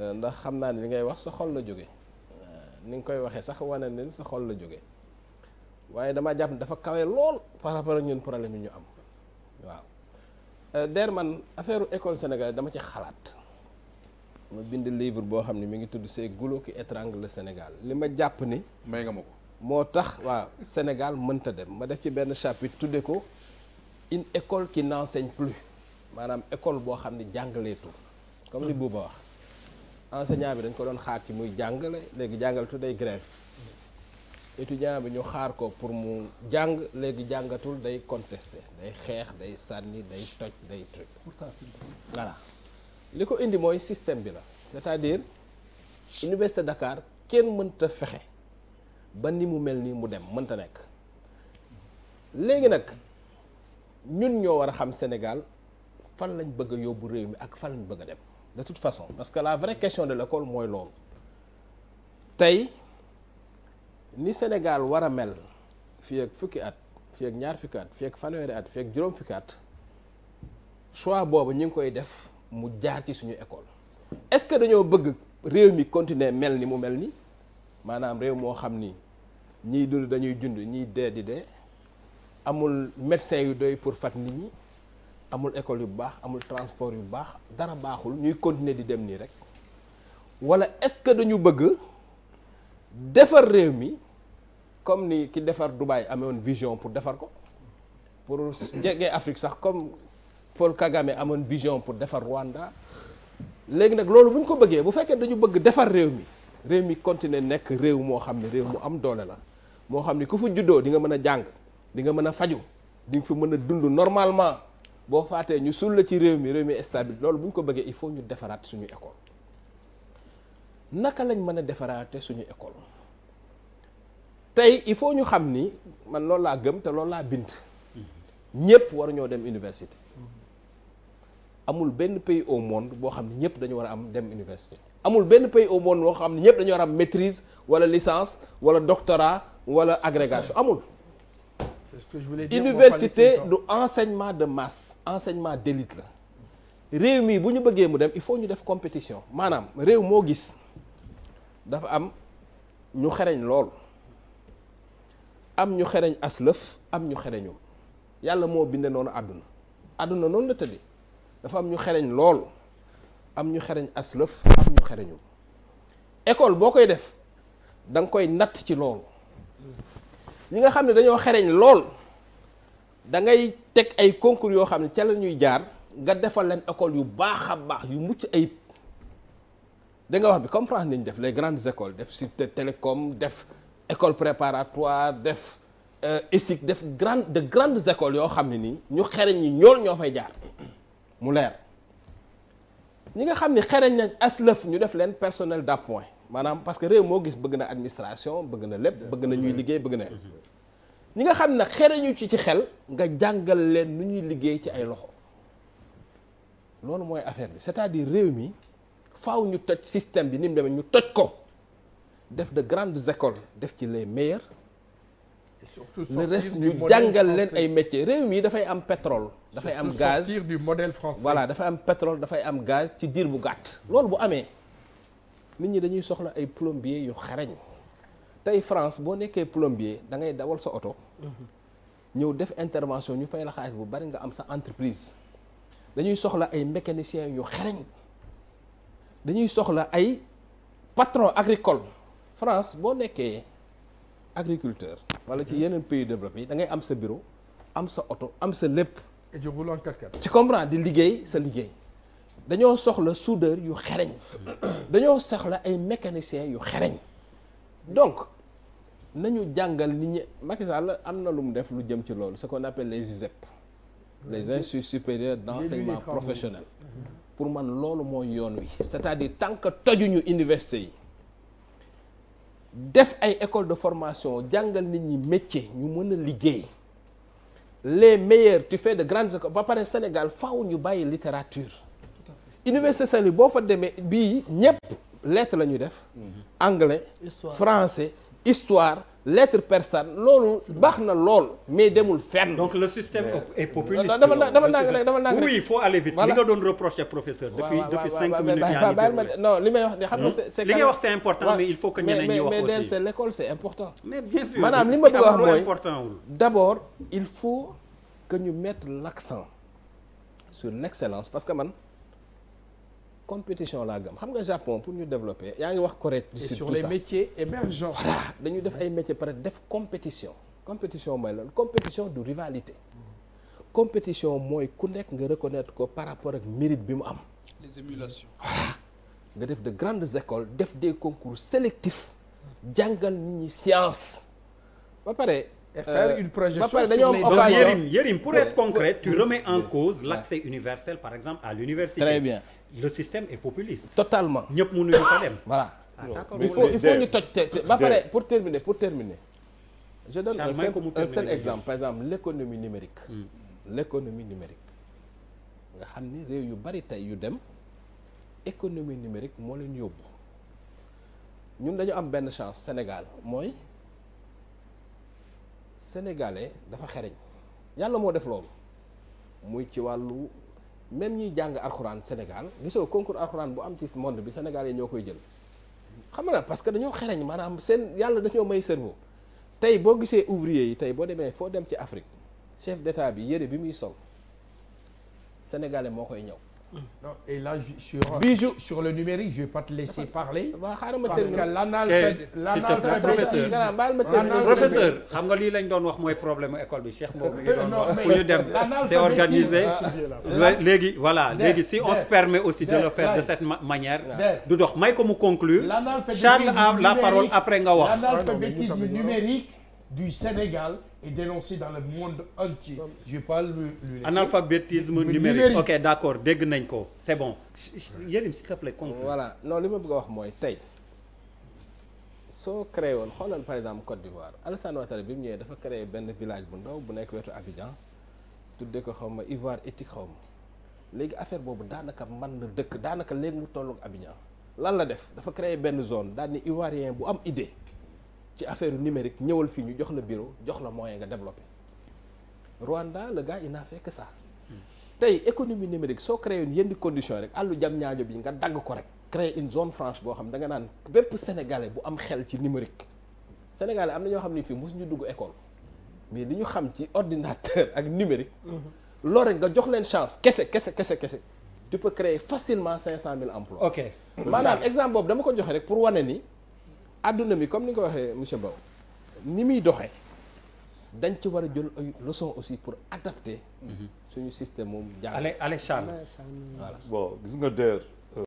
Euh, ndax xam naa ne li ngay wax sa xol la jóge euh, ni nga koy waxee sax wane ne sa xol la jóge waaye damaa jàpp dafa kawe lool par rapport ak ñun problème yi ñu am waaw euh, der man affaire école sénégal dama ci xalaat ma bind livre boo xam ne mu ngi tudd ces goulots qui étranglent Sénégal li ma jàpp ni may nga ma ko moo tax waaw Sénégal mënta dem ma def ci benn chapitre tudde ko une école qui n'enseigne plus maanaam école boo xam ne jàngaleetul comme li mm. Bouba enseignant bi dañ ko doon xaar ci muy jàngale léegi jàngalatul day grève étudiant bi ñu xaar ko pour mu jàng léegi jàngatul day contester day xeex day sànni day toj day truc li ko indi mooy système bi la c'est-à-dire université Dakar kenn mënta fexe ba ni mu mel nii mu dem mënta nekk léegi nag ñun ñoo war a xam Sénégal fan lañ bëgg yóbbu réew mi ak fan lañ bëgg a dem de toute façon parce que la vraie question de l'école mooy loolu tey ni Sénégal war a mel fii ak fukki at fii ak ñaar fukki at fii ak fanweeri at fii ak juróom fukki at choix boobu ñu ngi koy def mu jaar ci suñu école est-ce que dañoo bëgg réew mi continuer mel ni mu mel ni maanaam réew moo xam ni ñiy dund dañuy jund ñiy dee di dee amul médecin yu doy pour fat nit ñi amul école yu baax amul transport yu baax dara baaxul ñuy continuer di dem nii rek wala est-ce que dañu bëgg defar réew mi comme ni ki defar Dubaï amoon vision pour defar ko pour jege Afrique sax comme Paul Kagame amoon vision pour defar Rwanda léegi nag loolu bu ñu ko bëggee bu fekkee dañu bëgg defar réew mi réew mi continuer nekk réew moo xam ne réew mu am doole la moo xam ne ku fa juddoo di nga mën a jàng di nga mën a faju di nga mën a dund normalement boo faatee ñu suul la ci réew mi réew mi stable loolu bu ñu ko bëggee il faut ñu defaraat suñu école naka lañ mën a defaraate suñu école tey il faut ñu xam ni man loolu laa gëm te loolu laa bind ñëpp waru ñoo dem université amul benn pays au monde boo xam ne ñëpp dañu war a am dem université amul benn pays au monde boo xam ne ñëpp dañu war am maîtrise wala licence wala doctorat wala agrégation amul que je voulais dire université du enseignement de masse enseignement d'élite la réew mii bu ñu bëggee mu dem il faut ñu def compétition maanaam réew moo gis dafa am ñu xereñ lool am ñu xereñ aslëf am ñu xereñu yàlla moo binde noonu àdduna àdduna noonu la dafa am ñu xereñ lool am ñu xereñ aslëf am ñu xereñu école boo koy def da nga koy natt ci loolu ñi nga xam ne dañoo xereñ lool da ngay teg ay concours yoo xam ne ca la ñuy jaar nga defal leen école yu baax a baax yu mucc ayib da wax bi comme France nañ def les grandes écoles def Sup Télécom def école préparatoire def ESIC euh, def grande de grandes écoles yoo xam ne nii ñu xereñ yi ñool ñoo fay jaar mu leer ñi nga xam ni xereñ nañ aslëf ñu def leen personnel d'appoint maanaam parce que réew moo gis bëgg na administration bëgg na lépp bëgg na ñuy liggéey bëgg na ñi nga xam ne xereñu ci ci xel nga jàngal leen lu ñuy liggéey ci ay loxo loolu mooy affaire bi c'est-à-dire réew mi faw ñu toj système bi ni mu ñu toj ko def de grandes écoles def ci les meilleurs le reste ñu jàngal leen ay métiers réew mi dafay am pétrole dafay am gaz du modèle français voilà dafay am pétrole dafay am gaz ci diir bu gàtt loolu bu amee nit ñi dañuy soxla ay plombier yu xarañ tey France boo nekkee plombier da ngay dawal sa oto ñëw def intervention ñu fay la xaalis bu bari nga am sa entreprise dañuy soxla ay mécaniciens yu xarañ dañuy soxla ay patron agricole France boo nekkee agriculteur wala ci yeneen pays développé yi da ngay am sa bureau am sa oto am sa lépp. et je roule en di liggéey sa liggéey. dañoo soxla soudeur yu xereñ dañoo soxla ay mécaniciens yu xereñ donc nañu jàngal nit ñi Macky Sall am na lu mu def lu jëm ci loolu ce qu'on appelle les ISEP les instituts supérieurs d'enseignement professionnel mm-hmm. pour man loolu mooy yoon wi c'est-à-dire tant que tojuñu université yi def ay école de formation jàngal nit ñi métier ñu mën a liggéey les meilleurs tu fais de grandes écoles ba pare Sénégal faaw ñu bàyyi littérature université Saint-Louis boo fa demee bii ñëpp lettre la ñuy def mhm. anglais histoire. français histoire lettre persane loolu baax na lool mais demul fenn. donc le système est populiste. dama dama nang rek dama nang rek oui il faut aller vite. li nga doon reprocher professeur. depuis depuis cinq minutes yaa ngi non li may wax ne xam nga hmm? c'est li ngay wax c'est important mais il faut que ñeneen ñi wax aussi mais mais l'école c'est important. mais bien sûr maanaam li ma bëgg a wax mooy d'abord il faut que ñu mettre l'accent sur l'excellence parce que man. compétition laa gëm xam nga Japon pour ñu développer yaa ngi wax correct. et sur les métiers émergents. voilà dañu def ay métiers pare def compétition compétition mooy loolu compétition du rivalité compétition mooy ku nekk nga reconnaître ko par rapport ak mérite bi mu am. les émulations. voilà nga def de grandes écoles def de concours sélectifs jàngal nit ñi science ba pare. et faire euh, une projection sur les donc Yérim Yérim pour être concret tu remets en cause l'accès universel par exemple à l'université très bien le système est populiste totalement ñëpp mënuñu ko dem voilà ah, il faut il faut ñu toj te ba pare pour terminer pour terminer je donne un seul exemple par exemple l'économie numérique hmm. l'économie numérique nga xam ni réew yu bari tey yu dem économie numérique moo leen yóbbu ñun dañu am benn chance Sénégal mooy sénégalais dafa xereñ yàlla moo def loolu muy ci wàllu même ñuy jàng alxuraan Sénégal gisoo concours alxuraan bu am ci monde bi sénégalais ñoo koy jël xam nga parce que dañoo xereñ maanaam seen yàlla dañoo may cerveau tey boo gisee ouvrier yi tey boo demee foo dem ci Afrique chef d'état bi yére bi muy sol sénégalais moo koy ñëw Mm. non et là sur Bijou. sur le numérique je vais pas te laisser parler. waaw xaaral ma parce que l'analphabétisme professeur xam nga lii lañ doon wax mooy problème école bi Cheikh moom mi ngi doon wax fu ñu dem c'est organisé. Ah. léegi voilà léegi si on se permet aussi de le faire de cette manière. du dox may ko mu conclure. Charles a la parole après nga wax. du Sénégal est dénoncé dans le monde entier. je parle le analphabétisme numérique ok d'accord dégg nañ ko c'est bon. Yérim s'il te plaît voilà non li ma bëgg a wax mooy tey soo créé woon xoolal par exemple Côte d'Ivoire Alassane Ouattara bi mu ñëwee dafa créé benn village bu ndaw bu nekk wetu Abidjan tuddee ko xaw ma Ivoire éthique xaw ma léegi affaire boobu daanaka man na dëkk daanaka léegi mu tolloog Abidjan lan la def dafa créé benn zone daal ni Ivoirien bu am idée. ci affaire numérique ñëwal fii ñu jox la bureau jox la moyen nga développer Rwanda le gars il naa fekk saa ça tey économie numérique soo créé yenn condition rek àllu jam ñaajo bi nga dagg ko rek créer une zone franche boo xam da nga naan bépp sénégalais bu am xel ci numérique sénégalais am na ñoo xam ne fii ñu dugg école mais li ñu xam ci ordinateur ak numérique mhm. loo rek nga jox leen chance kese kese kese kese tu peux créer facilement cinq cent mille ok maanaam exemple boobu dama ko joxe rek pour wane ni àdduna mi comme ni nga ko waxee monsieur Mbow ni muy doxee dañ ci war a jël ay leçon aussi pour adapter mhm. suñu système moom jàng allez allez Charles voilà gis nga dër